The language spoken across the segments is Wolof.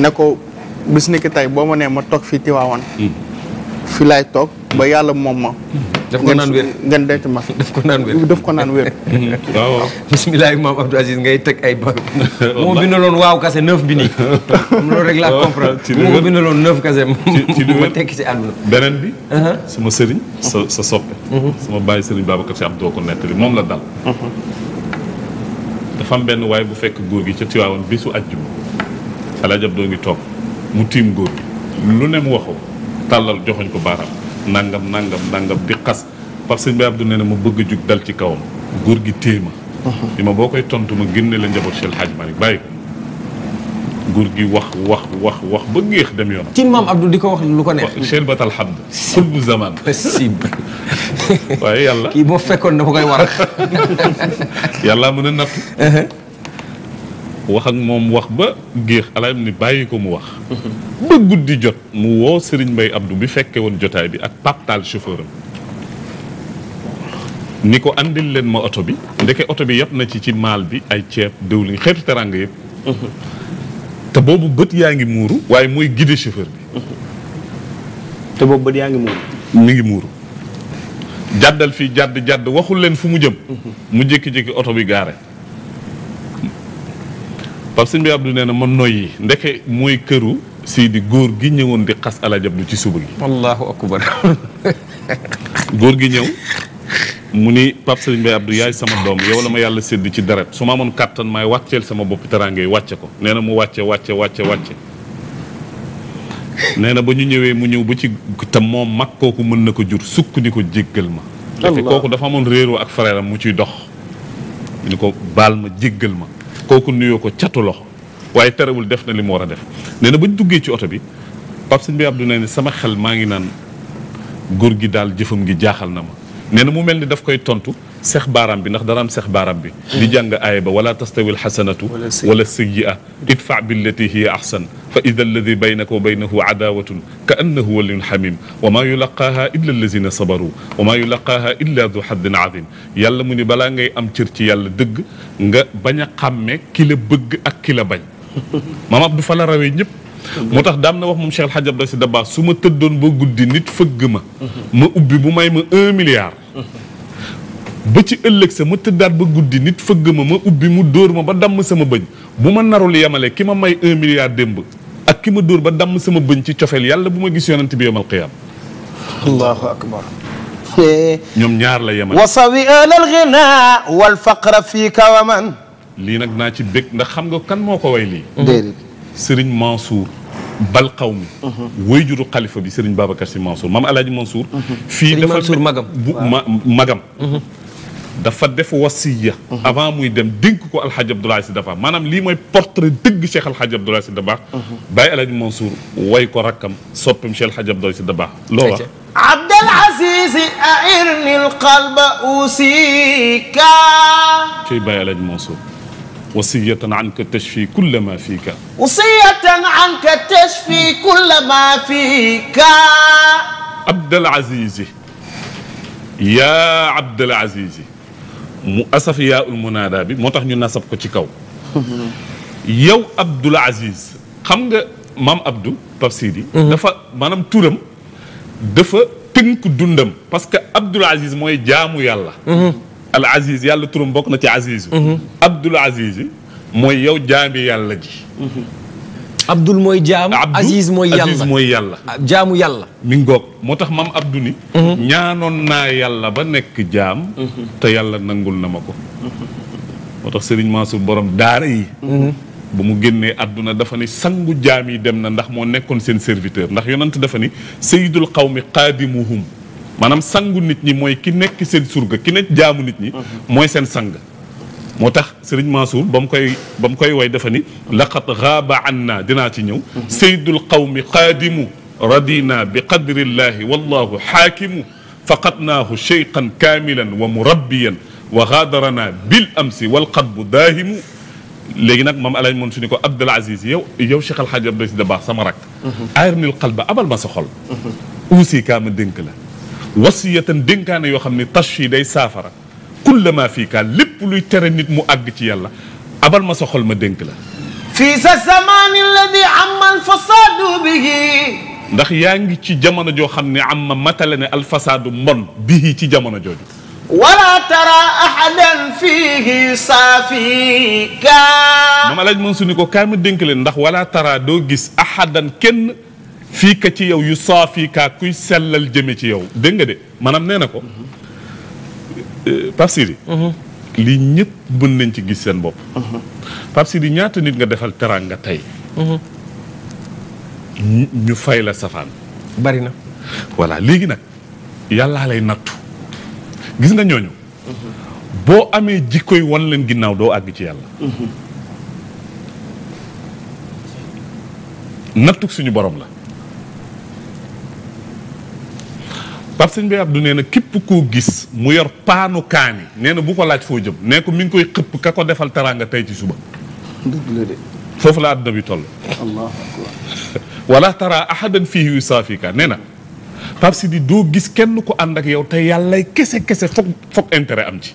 ne ko bis ni ki tey boo ma nee ma toog fii Tiwaawan hmm. fi laay toog ba yàlla moom ma hmm. daf ko naan wér ngeen ma daf ko naan wér daf ko naan wér hmm. waaw waaw bisimilah maam Abdou Aziz ngay teg ay ba moo bindaloon waaw kase neuf bi nii loolu rek laa oh. comprendre ma tekki ci àdduna beneen bi uh-huh. sama sëriñ sa uh-huh. sa soppe uh-huh. sama bàyyi sëriñ Babacar Sy Abdou ko nettali moom la dal dafa am benn waaye bu fekk góor gi ca Tiwaawan bisu àjjuma Alaaji Abdou ngi toog mu tiim góor lu ne mu waxu tàllal joxoñ ko baaraam nangam nangam nangam di xas parce que sëñ Baye na mu bëgg a jug dal ci kawam góor gi téye ma li ma boo koy tontu ma génne la njaboot Cheikh Hadj Malick bàyyi ko góor gi wax wax wax wax ba ngéex dem yoonam. ci maam Abdou di ko wax lu ko neex. Cheikh Batal Hamd. kul bu zaman. possible. waaye yàlla. kii boo fekkoon na ko koy war a. yàlla mën wax ak moom wax ba géex alaayam ni bàyyi ko mu wax ba guddi jot mu woo sëriñ bay Abdou bi fekke woon jotaay bi ak paptal chauffeur am ni ko àndil leen ma oto bi ndeke oto bi yàpp na ci ci maal bi ay ceeb diwlin xeetu teranga yëpp te boobu bët yaa ngi muuru waaye muy guide chauffeur bi te boobu bët yaa ngi muuru mi ngi muuru jàddal fi jàdd jàdd waxul leen fu mu jëm mu jékki-jékki oto bi gaare kon bi Abdou nee na man noyyi ndeke mooy këru sii di góor gi ñëwoon di xas Alaaji Abdu ci suba gi. wallaahu akbar. góor gi ñëw mu ni Pape Sëriñ Bay Abdou yaay sama doom yow la ma yàlla sédd ci deret su ma amoon kàttan maay wàcceel sama bopp teraange wàcce ko nee na mu wàcce wàcce wàcce wàcce. nee na ba ñu ñëwee mu ñëw ba ci te moom mag kooku mën na ko jur sukk ni ko jéggal ma. ndeke kooku dafa amoon réeroo ak frère mu ciy dox. ni ko baal ma jéggal ma. kooku nuyoo ko catu loxo waaye terewul def na li mu war a def nee na ba duggee ci oto bi Pape Sëñ du Abdou ne sama xel maa ngi naan góor gi daal jëfam gi jaaxal na ma nee na mu mel ni daf koy tontu seex baaraam bi ndax dara am seex baaraam bi di jàng aaya ba wala tastawi alxasanatu wala sayyi'a idfa billati hiya ahsan fa ida alladi baynaka wa baynahu adawatun ka annahu waliyun xamim wa maa yulaqaaha illa allazina sabaru wa maa yulaqaaha illa du xaddin azim yàlla mu ni balaa ngay am cër ci yàlla dëgg nga bañ a xàmme ki la bëgg ak ki la bañ maam Abdou fa la rawee ñëpp moo tax daam na wax moom Cheikh El Hadj Abdoulaye Sy Dabakh su ma tëddoon ba guddi nit fëgg ma ma ubbi bu may ma un milliard ba ci ëllëg sa ma tëddaat ba guddi nit fëgg ma ma ubbi mu dóor ma ba damm sama bëñ bu ma narul yemale ki ma may un milliard démb ak ki ma dóor ba damm sama bëñ ci cofeel yàlla bu ma gis yonent bi yawmal qiyaam allahu akbar ñoom ñaar la yemale wasawi alal ghina wal faqra fiika wa man lii nag naa ci bég ndax xam nga kan moo ko way lii déedéet Serigne Mansour bal xaw mi wéy juru xalifa bi Serigne Babacar Sy Mansour maam Alaaji Mansour mhm. fii dafa magam bu magam mhm. dafa def wasiya mhm. avant muy dem dénk ko alxaaj Abdoulaye Sy Dabakh maanaam lii mooy portrait dëgg Cheikh alxaaj Abdoulaye Sy Dabakh bàyyi Alaaji Mansour way ko rakkam soppim Cheikh alxaaj Abdoulaye Sy Dabakh loo wax Abdal Aziz airni alqalba usika cey bàyyi Alaaji Mansour wasiyatan anka tashfi kulla ma fika wasiyatan anka tashfi kulla ma fika Abdal Aziz yaa Abdal Aziz mu asafiyaa ul munaada bi moo tax ñu nasab ko ci kaw yow Abdul Aziz xam nga maam Abdou Pape Sidi mhm. dafa maanaam turam dafa tënk dundam parce que Abdul Aziz mooy jaamu yàlla mhm. al aziz yàlla turam bokk na ci aziz mhm. abdul aziz mooy yow jaami yàlla ji mhm. abdul mooy jaam aziz mooy yàlla aziz mooy yàlla ah, jaamu yàlla mi ngoog moo tax maam abdu ni mhm. ñaanoon naa yàlla ba nekk jaam te yàlla nangul na ma ko moo tax sëriñ Mansour borom daara yi bu mu génnee àdduna dafa ni sangu jaam yi dem na ndax moo nekkoon seen serviteur ndax yonent dafa ni sayyidul qawmi qaadimuhum maanaam sangu nit ñi mooy ki nekk seen surga ki nekk jaamu nit ñi mhm. mooy seen sang moo tax sëriñ Mansour ba mu koy ba mu koy way dafa ni laqad xaaba an na dinaa ci ñëw mhm. saydul qawmi xaadimu radina bi qadrillahi wallahu xaakimu faqadnaahu cheyqan kaamilan wa murabbiyan wa xaadarana bil amsi walqadbu daahimu léegi nag moom alaaj moon su ni ko Abdul Aziz yow yow Cheikh Alxaaji Abdul Aziz da baax sama rak mhm. aarnil qalba abal ma sa xol uusi kaa ma dénk la wasiyatan dénkaane yoo xam ne tash day saafara kulla ma fii kaa lépp luy tere nit mu àgg ci yàlla abal ma sa ma dénk la fii sa zamani alladi amma alfasadu yaa ngi ci jamono joo xam ne amma matale ne alfasadu mbon bihi ci jamono jooju wala tara ahadan fihi saafika mama laaj ni ko kaa mi dénk ndax wala tara doo gis ahadan kenn fii ka ci yow yu saafi kaa kuy sellal jëme ci yow dégg nga de maanaam nee na ko eh, Pape Sidi mm-hmm. lii ñëpp mën nañ ci gis seen bopp mm-hmm. Pape Sidi ñaata nit nga defal nga tey mm-hmm. ñu fay la safaan bari na voilà léegi nag yàllaa lay nattu gis nga ñooñu boo amee jikkoy wan leen ginnaaw doo àgg ci yàlla nattuk suñu boroom la Pape Sëñ Bay Abdou nee na képp koo gis mu yor paanu kaani nee na bu ko laaj foo jëm nee ko mi ngi koy xëpp ka ko defal teraanga tey ci suba. dëgg la de. foofu la àdduna bi toll. allahu akbar. wala tara ahadan fihi yusaafika nee na Pape Sidi doo gis kenn ko ànd ak yow te yàllay kese kese foog foog intérêt am ci.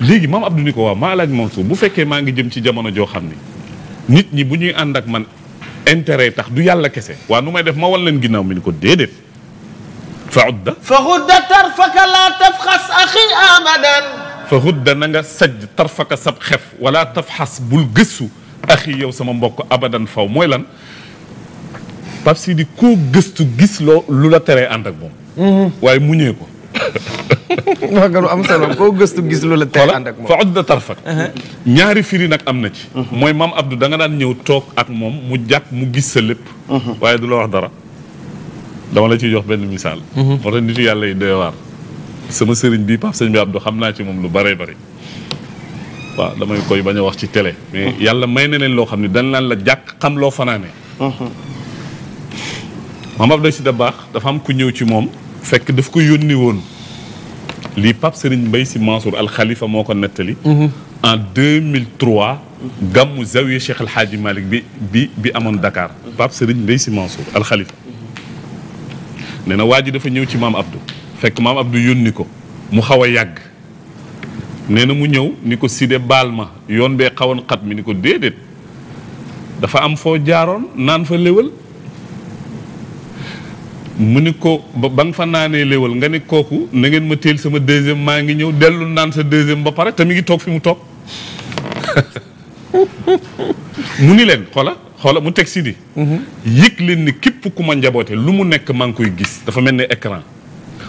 léegi maam Abdou ni ko waaw maa laaj moom suuf bu fekkee maa ngi jëm ci jamono joo xam ni nit ñi bu ñuy ànd ak man intérêt tax du yàlla kese waa nu may def ma wan leen ginnaaw mi ni ko déedéet. Faxudda. Faxudda tarfaka laa tafxas axi abadan. Faxudda na nga sajj tarfaka sab xef wala tafxas bul gëstu axi yow sama mbokk abadan faw mooy lan Pape Sidi koo gëstu gis loo lu la teree ànd ak moom. Mm-hmm. waaye muñee ko. wax nga lu am solo koo gëstu gis lu la teree ànd ak moom Faxudda uh-huh. nag am na ci. Mm-hmm. mooy maam da nga daan ñëw toog ak moom mu jàpp mu gis sa lépp. Mm-hmm. waaye du la wax dara. dama la ciy jox benn misaal. Mhm. moo tax nitu yàlla yi doy sama sëriñ bi Pape Sëñ bi Abdou xam naa ci moom lu bëree bëri. waaw damay koy bañ wax ci télé. mais mhm. yàlla may na leen loo xam ne dañ naan la jàkk xam loo fanaane. Mhm. maam Abdou si da baax dafa am ku ñëw ci moom. fekk daf ko yónni woon. lii Pape Serigne Mbaye si Mansour Al moo ko nettali. en 2003. gàmmu zawiya Cheikh El Hadji bi bi amoon Dakar. Pape Serigne Mbaye si Mansour Al nee na waa ji dafa ñëw ci maam Abdou fekk maam Abdou yónni ko mu xaw a yàgg nee na mu ñëw ni ko Sidé baal ma yoon bee xawoon xat mi ni ko déedéet dafa am foo jaaroon naan fa léwal mu ni ko ba nga fa naanee léwal nga ni kooku na ngeen ma teel sama deuxième maa ngi ñëw dellu naan sa deuxième ba pare te mi ngi toog fi mu toog mu ni leen xola xoola mu teg si di yëg leen ni képp ku ma njaboote lu mu nekk maa koy gis dafa mel ne écran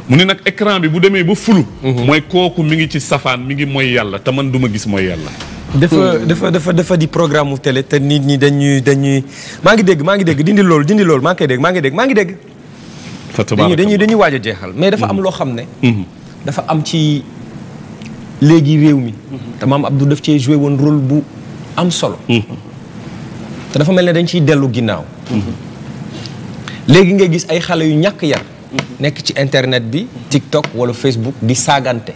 mu ne nag écran bi bu demee ba fulu mooy kooku mu ngi ci safaan mi ngi mooy yàlla te man duma gis mooy yàlla dafa dafa dafa dafa di programme mu télé te nit ñi dañuy dañuy maa ngi dégg maa ngi dégg dindi loolu dindi loolu maa ngi koy dégg ngi dégg maa ngi dañuy dañuy waaj a jeexal mais dafa am loo xam ne mm-hmm. Mm-hmm. dafa am ci léegi réew mi mm-hmm. te maam Abdou daf cee joué woon rôle bu am solo te dafa mel ne dañ ciy dellu ginnaaw. léegi ngay gis ay xale yu ñàkk yar. nekk ci internet bi. TikTok wala Facebook di saagante.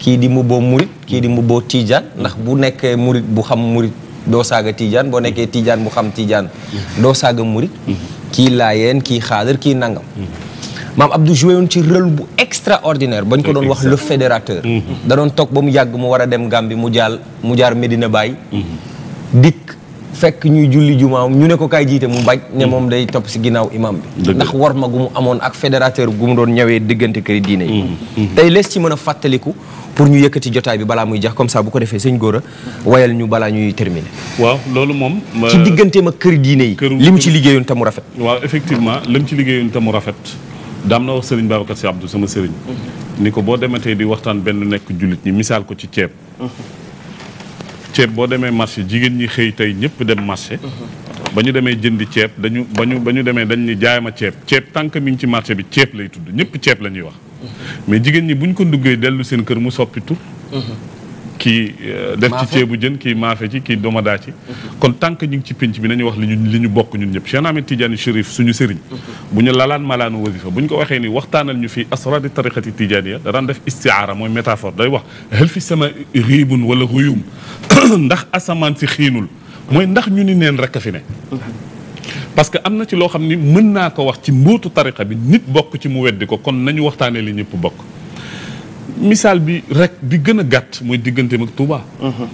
kii di mu boo murit kii di mu boo ndax bu nekkee murit bu xam murit doo saaga tiijaan boo nekkee tiijaan bu xam tiijaan doo saaga murit kii laayeen kii xaadir kii nangam. maam Abdou joué ci rôle bu extraordinaire bañ ko doon wax le fédérateur. Mm-hmm. da doon toog ba mu yàgg mu war a dem Gambie mu jaal mu jaar Medina Baye. Mm-hmm. dikk. fekk ñuy julli jumaam ñu ne ko kaay jiite mu bañ ne moom day topp si ginnaaw imam bi ndax war ma gu mu amoon ak fédérateur gu mu doon ñawee diggante këri diine yi mm-hmm. Mm-hmm. tey lees ci mën a fàttaliku pour ñu yëkkati jotaay bi balaa muy jax comme sax bu ko defee sañ góor a wayal ñu balaa ñuy terminer waaw loolu moom ci diggante ma këri diine yi li mu ci liggéeyoon te mu rafet waaw effectivement li ci liggéeyoon te mu rafet daam na wax sëriñ Babacar Si Abdou sama sëriñ mm-hmm. ni ko boo dematee di waxtaan benn nekk jullit ñi misaal ko ci ceeb ceeb boo demee marché jigéen ñi xëy tey ñëpp dem marché. Mhm. ba ñu demee jëndi ceeb dañu ba ñu ba ñu demee dañ ñu jaay ma ceeb ceeb tànk mi ngi ci marché bi ceeb lay tudd ñëpp ceeb la ñuy wax. Mhm. mais jigéen ñi bu ñu ko duggee dellu seen kër mu soppi tur. Mhm. kii euh, def ci ceebu jën kii maafe ci kii domadaa ci kon tant que ñu ngi ci pinc bi nañu wax li ñu li ñu bokk ñun ñëpp Cheikh Ahmed Tidiane Chérif suñu sëriñ bu ñu lalaan malaanu wasifa bu ñu ko waxee ni waxtaanal ñu fi asrari tariqati tijaniya daraan def istiaara mooy métaphore day wax hël fi sama riibun wala ruyum ndax asamaan si xiinul mooy ndax ñu ni neen rek a fi ne parce que am na ci loo xam ni mën naa ko wax ci mbóotu tariqa bi nit bokk ci mu weddi ko kon nañu waxtaanee li ñëpp bokk misaal bi rek di gën a gàtt mooy diggante ak Touba.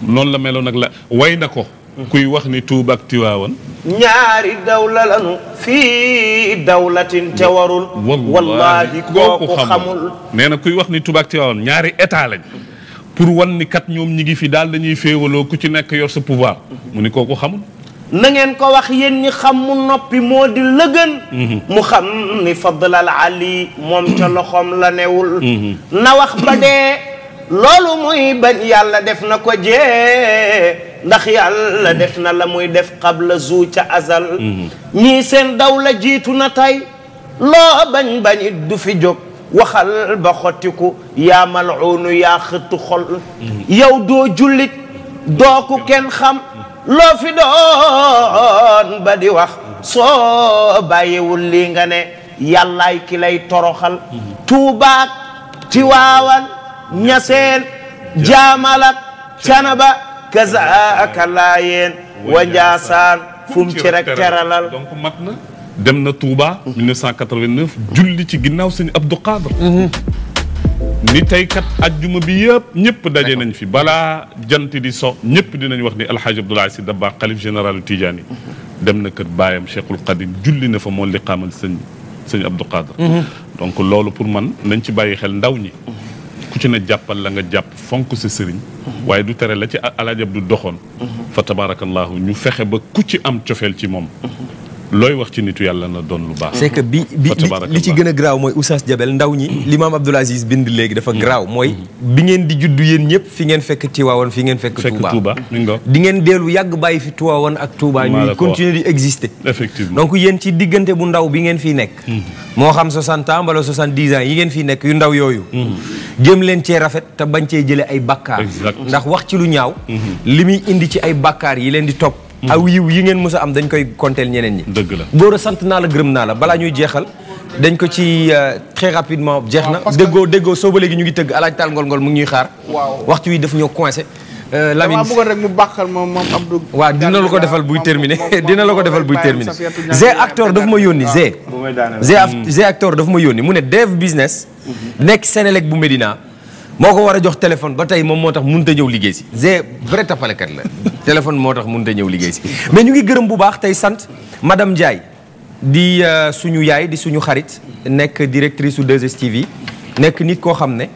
noonu la meloon nag la way na ko. kuy wax ni Touba ak Tiwaawan. ñaari dawla lanu. fii dawlatin te warul. wallaahi kooku xamul nee na kuy wax ni Touba ak Tiwaawan ñaari état lañ. pour wan ni kat ñoom ñi ngi fi daal dañuy féewaloo ku ci nekk yor sa pouvoir. mu ni kooku xamul. na ngeen ko wax yéen ñi xam mu noppi moo di lëgën mhm. mu xam ni fadlal ali moom ca loxoom la newul mhm. na wax ba dee loolu muy bañ yàlla def na ko jee ndax yàlla def na la muy def qabla zu ca azal mhm. ñii seen daw la jiitu na tey loo bañ bañit du fi jóg waxal ba xottiku yaa malcuunu yaa xëttu xol yow doo jullit doo ku xam loo fi doon ba di wax soo bàyyiwul lii nga ne yàllaay ki lay toroxal tuubaak tiwaawan ñaseen jaamalak canaba kazaaka laayeen wa njaasaan fu mu ci rek teralal donc mat na dem na Touba julli ci ginnaaw sëñ Abdou Khadre mhm. ni tey kat ajjuma bi yëpp ñëpp daje nañ fi balaa jant di so ñëpp dinañ wax ni alxaaji Abdoulaye Si Dabba xalif généralu Tijaani dem na kër baayam Cheikhul Qadim julli na fa moo li xaamal sëñ sëñ Abdou Khadre mhm. donc loolu pour man nañ ci bàyyi xel ndaw ñi ku ci ne jàppal la nga jàpp fonk sa sëriñ mhm. waaye du tere la ci alaajab du doxoon mhm. fa tabaarakallaahu ñu fexe ba ku ci am cofeel ci moom looy wax ci nitu yàlla na doon lu baax. c'est que bi bi li ci gën a graaw mooy Oustaz Diabel ndaw ñi. Mm-hmm. li maam Aziz bind léegi dafa mm-hmm. graaw mooy. Mm-hmm. bi ngeen di juddu yéen ñëpp fi ngeen fekk Tiwaawan fi ngeen fekk. Touba Touba di ngeen dellu yàgg bàyyi fi Tiwaawan ak Touba. ñuy continuer di exister. effectivement donc ci diggante bu ndaw bi ngeen fiy nekk. moo xam 60 ans wala 70 ans yi ngeen fi nekk yu ndaw yooyu. jëm leen cee rafet te bañ cee jëlee ay bakkaar. ndax wax ci lu ñaaw. li muy indi ci ay bakkaar yi leen di topp Mm-hmm. aw yiw yi ngeen mës a am dañ koy konteel ñeneen ñi dëgg la Gora sant naa la gërëm naa la balaa ñuy jeexal dañ ko ci euh, très rapidement jeex na déggoo déggoo sooba léegi ñu ngi tëgg alaaj taal ngol ngol mu ngi ñuy xaar waxtu wi daf ñoo coincé euh, Lamine bëggoon rek mu bàqal moom moom Abdou waaw dina lu ko defal buy termine dina la ko defal buy terminé g acteur dafa ma yónni g g acteur dafa ma yónni mu ne dev business mm-hmm. nekk Sénélec bu Médina moo ko war a jox téléphone ba tey moom moo tax mënut a ñëw liggéey si g vrai tapalekat la téléphone moo tax mënut a ñëw liggéey si mais ñu ngi gërëm bu baax tey sant madame Ndiaye di euh, suñu yaay di suñu xarit nekk directrice su 2STV nekk nit koo xam ne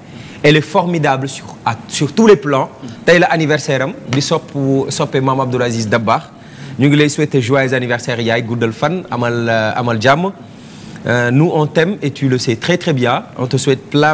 elle est formidable sur à sur tous les plans tey la anniversaire am di sopp soppe maam Abdoul Aziz Dabakh ñu ngi lay souhaiter joyeux anniversaire yaay guddal fan amal euh, amal jàmm euh, nous on t'aime et tu le sais très très bien on te souhaite plein